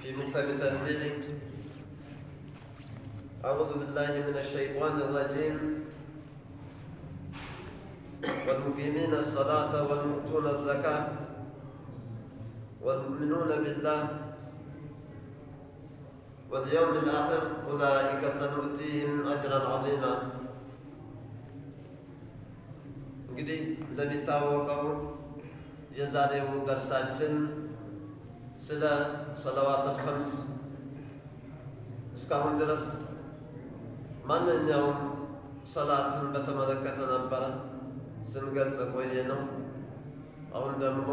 في محكم تنزيله أعوذ بالله من الشيطان الرجيم والمقيمين الصلاة والمؤتون الزكاة والمؤمنون بالله واليوم الآخر أولئك سنؤتيهم أجرا عظيما لم እንደሚታወቀው የዛሬው ደርሳችን ስለ ሰለዋቱል ኸምስ እስካሁን ድረስ ማንኛውም ሰላትን በተመለከተ ነበረ ስንገልጽ ቆየ ነው። አሁን ደግሞ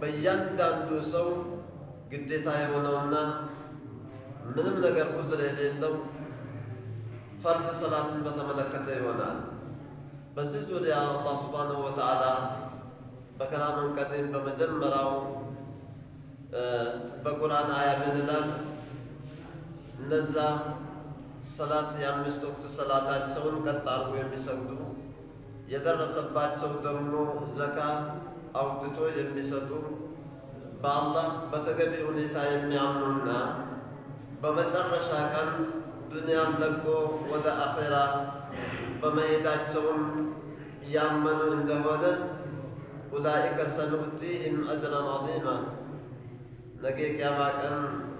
በእያንዳንዱ ሰው ግዴታ የሆነውና ምንም ነገር ዑዝር የሌለው ፈርድ ሰላትን በተመለከተ ይሆናል። በዚህ ዙሪያ አላህ ሱብሓነሁ ወተዓላ በከላምን ቀዲም በመጀመሪያው በቁርአን አያ ምን ይላል? እነዛ ሰላት የአምስት ወቅት ሰላታቸውን ቀጥ አድርጎ የሚሰግዱ የደረሰባቸው ደግሞ ዘካ አውጥቶ የሚሰጡ በአላህ በተገቢ ሁኔታ የሚያምኑና በመጨረሻ ቀን ዱንያን ለቆ ወደ አኼራ በመሄዳቸውም ያመኑ እንደሆነ ኡላኢከ ሰኑኡቲሂም አጅረን ዐዚማ ነገ ቅያማ ቀን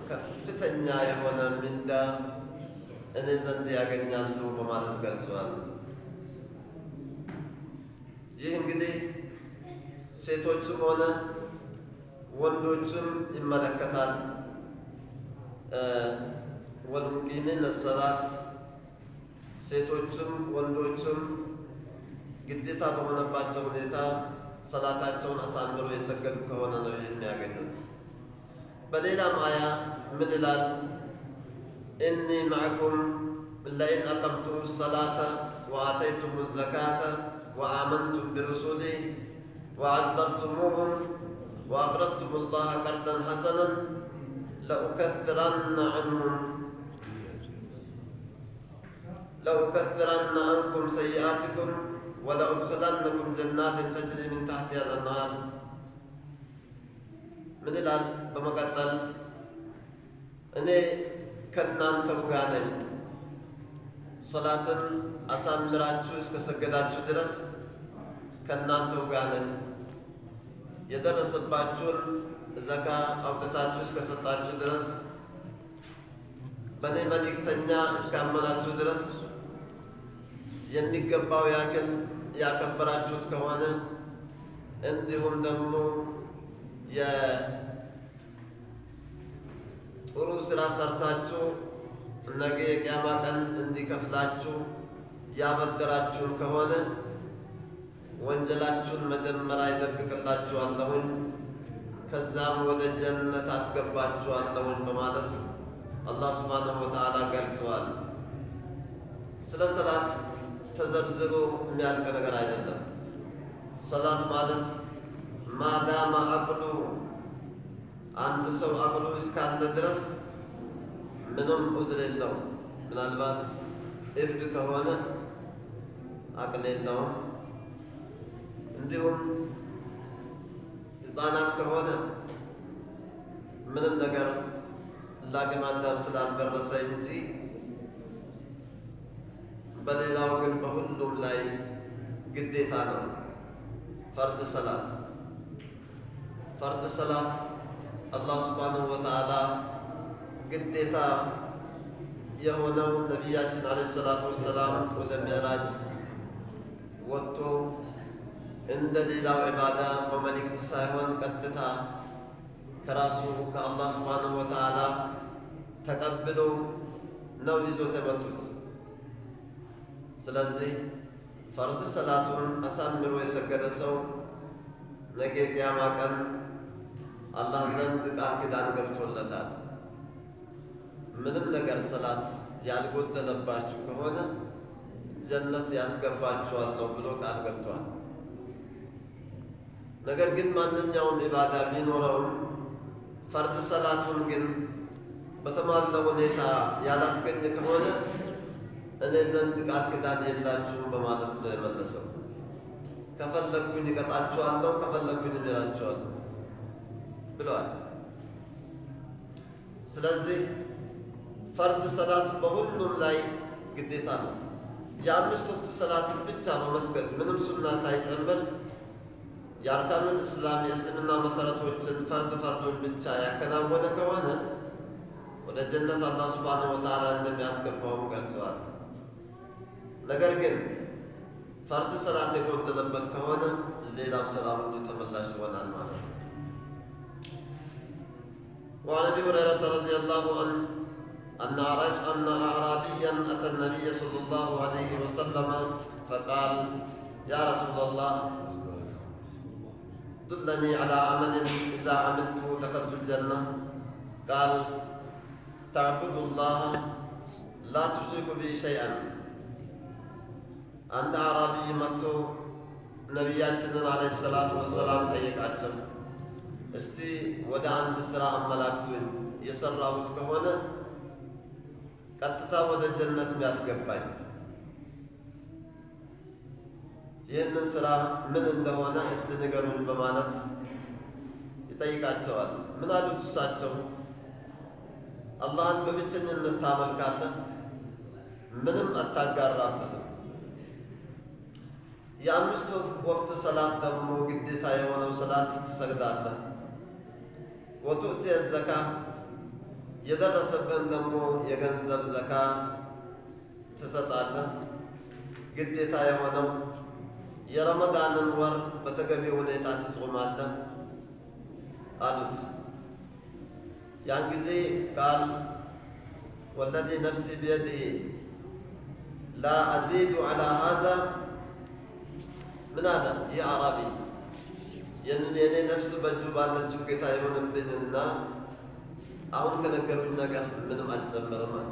ከፍተኛ የሆነ ምንዳ እኔ ዘንድ ያገኛሉ በማለት ገልጿል። ይህ እንግዲህ ሴቶችም ሆነ ወንዶችም ይመለከታል። ወልሙቂሚን ሰላት ሴቶችም ወንዶችም ግዴታ በሆነባቸው ሁኔታ ሰላታቸውን አሳምሮ የሰገዱ ከሆነ ነው የሚያገኙት። بدينا معايا من الآن إني معكم لئن أقمتم الصلاة وآتيتم الزكاة وآمنتم برسولي وعذرتموهم وأقرضتم الله قرضا حسنا لأكثرن عنهم لأكثرن عنكم سيئاتكم ولأدخلنكم جنات تجري من تحتها الأنهار من الآن በመቀጠል እኔ ከእናንተው ጋር ነኝ፣ ሰላትን አሳምራችሁ እስከ ሰገዳችሁ ድረስ ከእናንተው ጋር ነኝ፣ የደረሰባችሁን ዘካ አውጥታችሁ እስከ ሰጣችሁ ድረስ በእኔ መልእክተኛ እስካመናችሁ ድረስ የሚገባው ያክል ያከበራችሁት ከሆነ እንዲሁም ደግሞ ጥሩ ስራ ሰርታችሁ ነገ የቅያማ ቀን እንዲከፍላችሁ ያበደራችሁን ከሆነ ወንጀላችሁን መጀመሪያ ይደብቅላችኋለሁኝ ከዛም ወደ ጀነት አስገባችኋለሁኝ በማለት አላህ ሱብሓነሁ ወተዓላ ገልጿል። ስለ ሰላት ተዘርዝሮ የሚያልቅ ነገር አይደለም። ሰላት ማለት ማዳማ አቅሉ አንድ ሰው አቅሉ እስካለ ድረስ ምንም ዑዝር የለው። ምናልባት እብድ ከሆነ አቅል የለውም። እንዲሁም ህፃናት ከሆነ ምንም ነገር ላግም አዳም ስላልደረሰ እንጂ በሌላው ግን በሁሉም ላይ ግዴታ ነው። ፈርድ ሰላት ፈርድ ሰላት አላህ ስብሓንሁ ወተዓላ ግዴታ የሆነው ነቢያችን አለይሂ ሰላቱ ወሰላም ወደ ምዕራጅ ወጥቶ እንደ ሌላው ዒባዳ በመልእክት ሳይሆን ቀጥታ ከራሱ ከአላህ ስብሓንሁ ወተዓላ ተቀብሎ ነው ይዞት የመጡት። ስለዚህ ፈርድ ሰላቱን አሳምሮ የሰገደ ሰው ነገ ቅያማ ቀን አላህ ዘንድ ቃል ኪዳን ገብቶለታል። ምንም ነገር ሰላት ያልጎደለባችሁ ከሆነ ጀነት ነው ብሎ ቃል ገብቷል። ነገር ግን ማንኛውም ኢባዳ ቢኖረውም ፈርድ ሰላቱን ግን በተሟላ ሁኔታ ያላስገኘ ከሆነ እኔ ዘንድ ቃል ኪዳን የላችሁም በማለት ነው የመለሰው። ከፈለግኩኝ እቀጣችኋለሁ፣ ከፈለግኩኝ እምራችኋለሁ። ብለዋል። ስለዚህ ፈርድ ሰላት በሁሉም ላይ ግዴታ ነው። የአምስት ወቅት ሰላትን ብቻ በመስገድ ምንም ሱና ሳይጨምር የአርካኑን እስላም የእስልምና መሰረቶችን ፈርድ ፈርዱን ብቻ ያከናወነ ከሆነ ወደ ጀነት አላህ ሱብሓነሁ ወተዓላ እንደሚያስገባውም ገልጸዋል። ነገር ግን ፈርድ ሰላት የጎደለበት ከሆነ ሌላም ሰላም ተመላሽ ይሆናል ማለት ነው። وعن ابي هريره رضي الله عنه ان اعرابيا اتى النبي صلى الله عليه وسلم فقال يا رسول الله دلني على عمل اذا عملته دخلت الجنه قال تعبد الله لا تشرك به شيئا عند عربي متو نبياتنا عليه الصلاه والسلام تيقاتهم እስቲ ወደ አንድ ስራ አመላክቱኝ የሰራሁት ከሆነ ቀጥታ ወደ ጀነት ሚያስገባኝ ይህንን ስራ ምን እንደሆነ እስቲ ንገሩን በማለት ይጠይቃቸዋል። ምን አሉት እሳቸው? አላህን በብቸኝነት ታመልካለህ፣ ምንም አታጋራበትም። የአምስቱ ወቅት ሰላት ደግሞ ግዴታ የሆነው ሰላት ትሰግዳለህ وتؤتي الزكاة يدرس سبن دمو يغنزب زكاة تسطع له قد يتايمونه يا رمضان الور بتقمي ونيتا تتغم الله قالت يانجزي قال والذي نفسي بيده لا أزيد على هذا من هذا؟ يا عربي ይህንን የእኔ ነፍስ በእጁ ባለችው ጌታ የሆንብኝና አሁን ከነገሩኝ ነገር ምንም አልጨምርም አለ።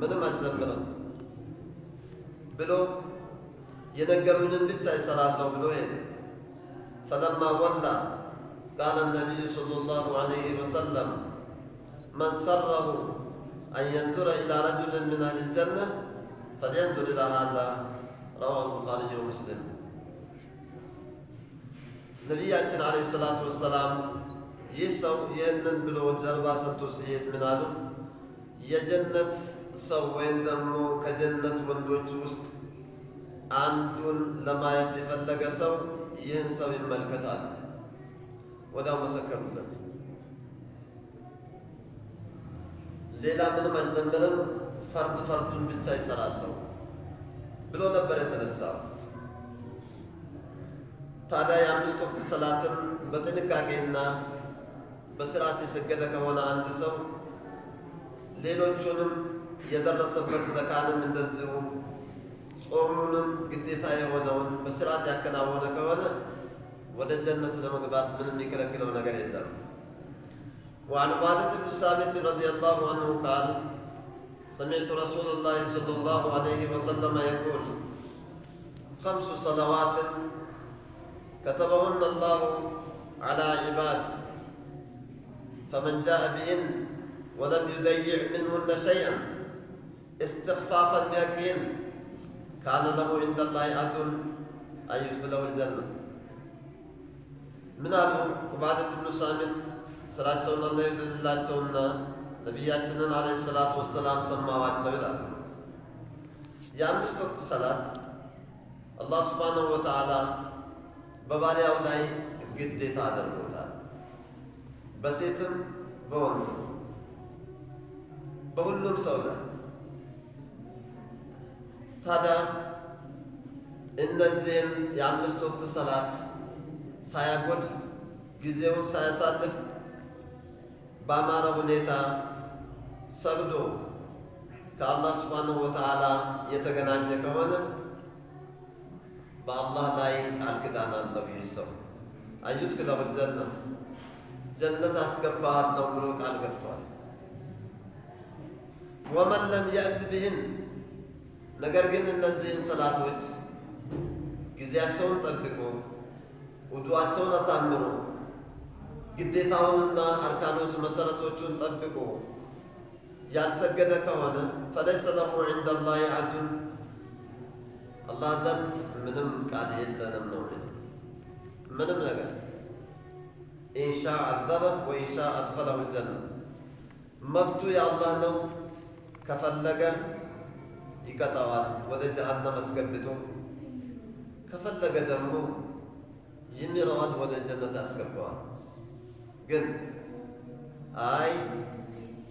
ምንም አልጨምርም ብሎ የነገሩኝን ብቻ ይሰራለሁ ብሎ ሄደ። ፈለማ ወላ ቃለ ነቢዩ ሰለላሁ ዐለይሂ ወሰለም መን ሰረሁ አን የንዙረ ኢላ ረጁልን ምን አህሊል ጀነ ፈልየንዙር ኢላ ሃዛ ረዋሁ አልቡኻሪዩ ወሙስሊም ነቢያችን አለይሂ ሰላቱ ወሰላም ይህ ሰው ይህንን ብሎ ጀርባ ሰጥቶ ሲሄድ ምን አሉ? የጀነት ሰው ወይም ደግሞ ከጀነት ወንዶች ውስጥ አንዱን ለማየት የፈለገ ሰው ይህን ሰው ይመልከታል። ወዲያው መሰከሩለት። ሌላ ምንም አልጀምርም፣ ፈርድ ፈርዱን ብቻ ይሰራለሁ ብሎ ነበር የተነሳው። ታዲያ የአምስት ወቅት ሰላትን በጥንቃቄና በስርዓት የሰገደ ከሆነ አንድ ሰው ሌሎቹንም የደረሰበት ዘካንም እንደዚሁ ጾሙንም ግዴታ የሆነውን በስርዓት ያከናወነ ከሆነ ወደ ጀነት ለመግባት ምንም የሚከለክለው ነገር የለም። وعن عبادة بن ثابت رضي الله عنه قال سمعت رسول الله صلى الله عليه وسلم يقول خمس صلوات كتبهن الله على عباده فمن جاء بهن ولم يضيع منهن شيئا استخفافا بأكلهن كان له عند الله عهد ان يدخله الجنه من قالوا عبادة بن صامت صلاة الله يبدل الله تونا نبي عليه الصلاة والسلام سمى واتسولا يا مستوك صلاة الله سبحانه وتعالى በባሪያው ላይ ግዴታ አድርጎታል። በሴትም በወንዱ በሁሉም ሰው ላይ። ታዲያ እነዚህን የአምስት ወቅት ሰላት ሳያጎድ ጊዜውን ሳያሳልፍ በአማረ ሁኔታ ሰግዶ ከአላህ ሱብሓነሁ ወተዓላ የተገናኘ ከሆነ በአላህ ላይ ቃል ኪዳን አለው። ይህ ሰው አዩት ክለብል ጀና ጀነት አስገባሃለሁ ብሎ ቃል ገብቷል። ወመን ለም የእት ብህን ነገር ግን እነዚህን ሰላቶች ጊዜያቸውን ጠብቆ ውዱዋቸውን አሳምሮ ግዴታውንና አርካኖች መሰረቶቹን ጠብቆ ያልሰገደ ከሆነ ፈለይሰ ለሁ ዐንደ ላሂ አጁር አላህ ዘንድ ምንም ቃል የለንም ነው። ምንም ነገር ኢንሻ አዘበህ ወኢንሻ አድኸለሁ ልጀና መብቱ የአላህ ነው። ከፈለገ ይቀጣዋል፣ ወደ ጀሀነም አስገብቶ ከፈለገ ደግሞ የሚረዋል፣ ወደ ጀነት ያስገባዋል። ግን አይ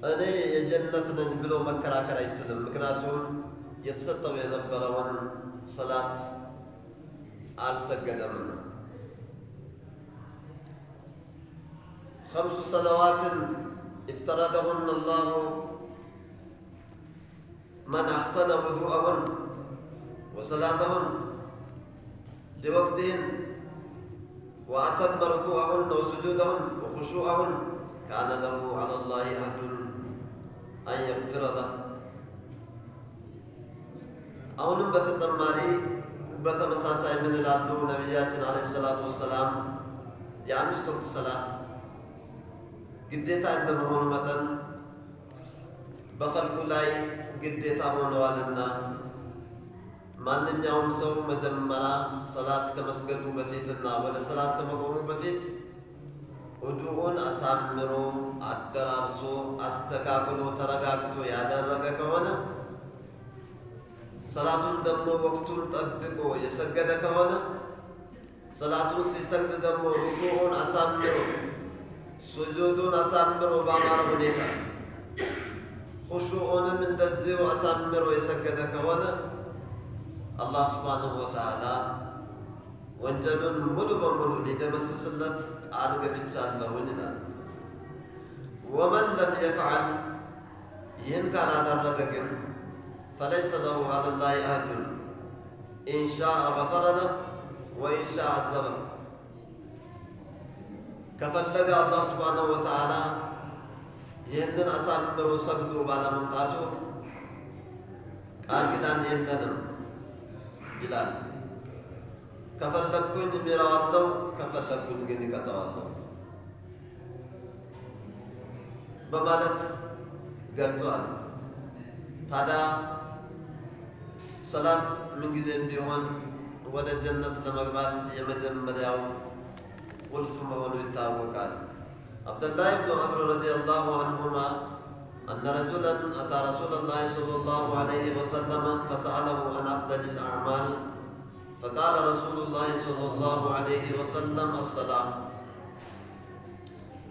እኔ የጀነት ነኝ ብሎ መከራከር አይችልም። ምክንያቱም የተሰጠው የነበረውን سجد አልሰገደምና خمس صلوات افترضهن الله من أحسن وضوءهن وصلاتهن لوقتهن وأتم ركوعهن وسجودهن وخشوعهن كان له على الله أجر አሁንም በተጨማሪ በተመሳሳይ ምን ይላሉ ነቢያችን አለ ሰላቱ ወሰላም የአምስት ወቅት ሰላት ግዴታ እንደመሆኑ መጠን በፈልጉ ላይ ግዴታ ሆነዋልና ማንኛውም ሰው መጀመሪያ ሰላት ከመስገዱ በፊትና ወደ ሰላት ከመቆሙ በፊት ውዱኡን አሳምሮ አደራርሶ አስተካክሎ ተረጋግቶ ያደረገ ከሆነ ሰላቱን ደግሞ ወቅቱን ጠብቆ የሰገደ ከሆነ ሰላቱን ሲሰግድ ደግሞ ሩኩዑን አሳምሮ ሱጁዱን አሳምሮ በአማረ ሁኔታ ሁሹዑንም እንደዚሁ አሳምሮ የሰገደ ከሆነ አላህ ስብሓንሁ ወተዓላ ወንጀሉን ሙሉ በሙሉ ሊደመስስለት ቃል ገብቻለሁኝ ይላል። ወመን ለም የፍዓል ይህን ካላደረገ ግን فليس له على الله أحد إن شاء غفر له وإن شاء عذبه ከፈለገ አላህ ስብሓነሁ ወተዓላ ይህንን አሳምሮ ሰግዶ ባለመምጣቱ ቃል ኪዳን የለንም ይላል። ከፈለግኩኝ ምረዋለሁ፣ ከፈለግኩኝ ግን ይቀጣዋለሁ በማለት ገልጿል። ታዲያ ሰላት ምንጊዜም ቢሆን ወደ ጀነት ለመግባት የመጀመሪያው ቁልፍ መሆኑ ይታወቃል። አብደላህ ብኑ አምር ረዲየላሁ አንሁማ አነ ረጁለን አታ ረሱለላሂ ሰለላሁ ዐለይሂ ወሰለመ ፈሰአለሁ አን አፍደሊል አዕማል ፈቃለ ረሱሉላህ ሰለላሁ ዐለይሂ ወሰለም አሰላም።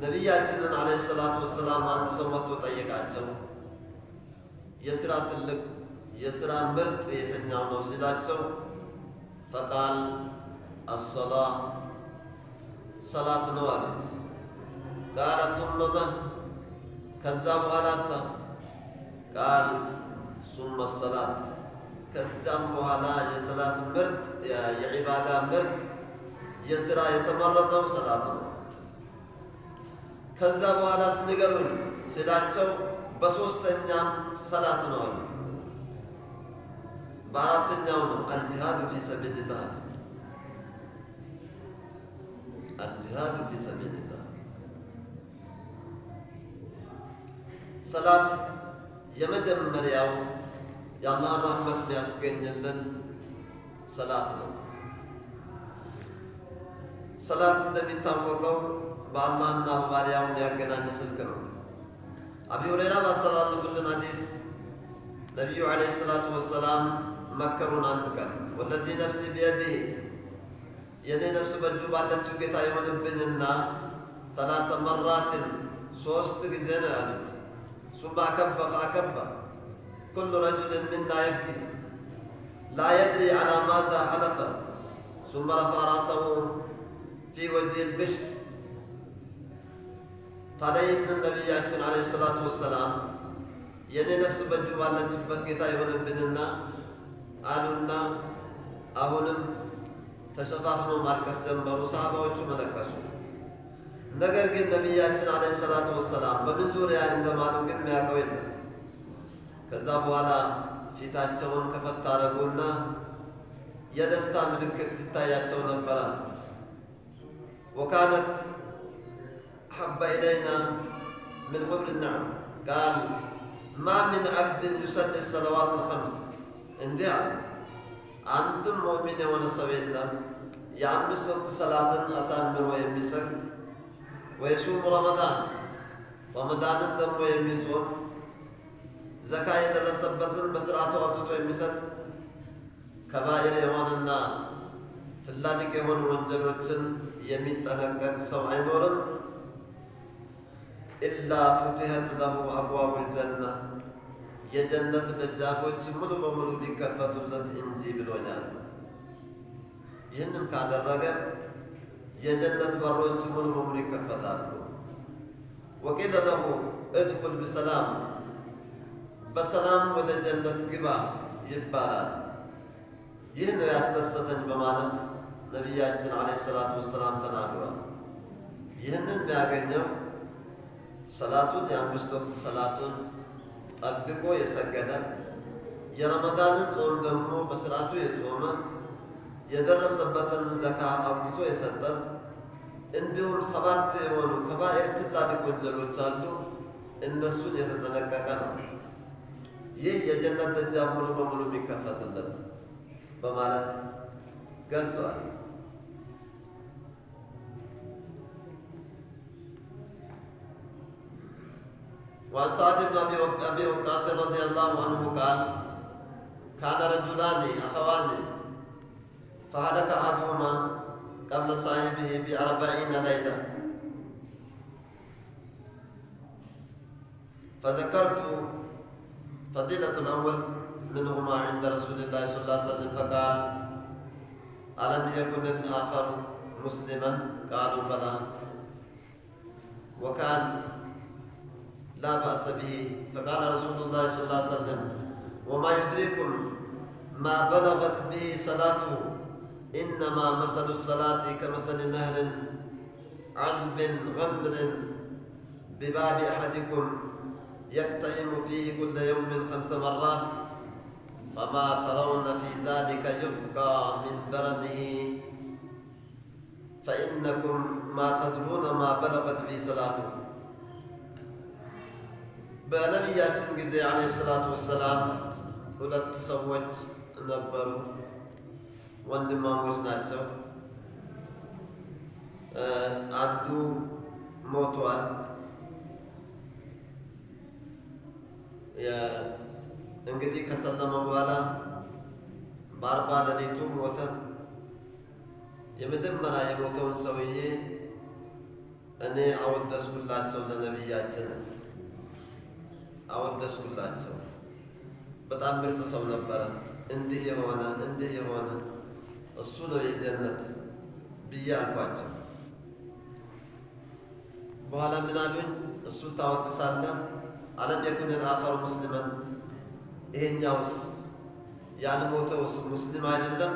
ነቢያችንን ዐለይሂ ሰላቱ ወሰላም አንድ ሰው መጥቶ ጠየቃቸው የስራ ትልቅ የስራ ምርጥ የትኛው ነው ሲላቸው ፈቃል አሰላ ሰላት ነው አሉት። ቃለ ሱመመ ከዛ በኋላ ሳ ቃል ሱመ ሰላት ከዛም በኋላ የሰላት ምርጥ የዒባዳ ምርጥ የሥራ የተመረጠው ሰላት ነው። ከዛ በኋላ ስንገሩን ሲላቸው በሶስተኛም ሰላት ነው አሉት። በአራተኛው ነው አልጂሃዱ ፊ ሰቢልላህ አሉት። አልጂሃዱ ፊ ሰቢልላህ ሰላት የመጀመሪያው የአላህን ረህመት የሚያስገኝልን ሰላት ነው። ሰላት እንደሚታወቀው በአላህና በባሪያው የሚያገናኝ ስልክ ነው። አቢ ሁረይራ ባስተላለፉልን ሐዲስ ነቢዩ ዓለይሂ ሰላቱ ወሰላም መከሩን አንድ ቀን ወለዚህ ነፍሲ ቢየዲህ የኔ ነፍስ በእጁ ባለችው ጌታ ይሆንብንና ሰላሰ መራትን ሶስት ጊዜ ነው ያሉት። ሱማ አከበ ፈአከበ ኩሉ ረጁልን ምና የብኪ ላ የድሪ ዓላ ማዛ ሐለፈ ሱመ ረፋ ራሰሁ ፊ ወጅህ ልብሽር ታዲያ ይህንን ነቢያችን ዓለይሂ ሰላቱ ወሰላም የእኔ ነፍስ በእጁ ባለችበት ጌታ ይሆንብንና አሉና አሁንም ተሸፋፍኖ ማልቀስ ጀመሩ። ሰሃባዎቹ መለቀሱ። ነገር ግን ነቢያችን አለ ሰላቱ ወሰላም በምን ዙሪያ እንደማሉ ግን የሚያውቀው የለም። ከዛ በኋላ ፊታቸውን ከፈት አደረጉና የደስታ ምልክት ሲታያቸው ነበረ። ወካነት ሐበ ኢለይና ምን ሁብር ናዕም ቃል ማ ምን ዓብድን ዩሰሊ ሰለዋት አልኸምስ እንዲህ አሉ፣ አንድም ሙእሚን የሆነ ሰው የለም የአምስት ወቅት ሰላትን አሳምሮ የሚሰግድ ወይሱም ረመዳን ረመዳንን ደግሞ የሚጾም ዘካ የደረሰበትን በስርዓቱ አውጥቶ የሚሰጥ ከባኢር የሆነና ትላልቅ የሆኑ ወንጀሎችን የሚጠነቀቅ ሰው አይኖርም ኢላ ፉትሐት ለሁ አብዋቡል ጀና የጀነት ደጃፎች ሙሉ በሙሉ ቢከፈቱለት እንጂ ብሎኛል። ይህንን ካደረገ የጀነት በሮች ሙሉ በሙሉ ይከፈታሉ። ወቂለ ለሁ እድኹል ብሰላም በሰላም ወደ ጀነት ግባ ይባላል። ይህ ነው ያስደሰተኝ በማለት ነቢያችን ዓለይሂ ሰላቱ ወሰላም ተናግሯል። ይህንን የሚያገኘው ሰላቱን የአምስት ወቅት ሰላቱን ጠብቆ የሰገደ የረመዳንን ጾም ደግሞ በስርዓቱ የጾመ የደረሰበትን ዘካ አውጥቶ የሰጠ እንዲሁም ሰባት የሆኑ ከባኤር ትላልቅ ወንጀሎች አሉ። እነሱን የተጠነቀቀ ነው። ይህ የጀነት ደጃፍ ሙሉ በሙሉ የሚከፈትለት በማለት ገልጸዋል። وعن سعد بن ابي وقاص رضي الله عنه قال كان رجلان اخوان فهلك احدهما قبل صاحبه بأربعين ليلة فذكرت فضيلة الأول منهما عند رسول الله صلى الله عليه وسلم فقال ألم يكن الآخر مسلما قالوا بلى وكان لا بأس به فقال رسول الله صلى الله عليه وسلم وما يدريكم ما بلغت به صلاته إنما مثل الصلاة كمثل نهر عذب غمر بباب أحدكم يقتحم فيه كل يوم خمس مرات فما ترون في ذلك يبقى من درنه فإنكم ما تدرون ما بلغت به صلاته በነቢያችን ጊዜ አለ ሰላቱ ወሰላም ሁለት ሰዎች ነበሩ። ወንድማሞች ናቸው። አንዱ ሞቷል። እንግዲህ ከሰለመ በኋላ በአርባ ሌሊቱ ሞተ። የመጀመሪያ የሞተውን ሰውዬ እኔ አወደስኩላቸው ለነቢያችን አወደስኩላቸው። በጣም ምርጥ ሰው ነበረ። እንዲህ የሆነ እንዲህ የሆነ እሱ ነው የጀነት ብዬ አልኳቸው። በኋላ ምን እሱ እሱን ታወድሳለህ? አለም የኩንን አፈሩ ሙስሊመን፣ ይሄኛውስ ያልሞተውስ ሙስሊም አይደለም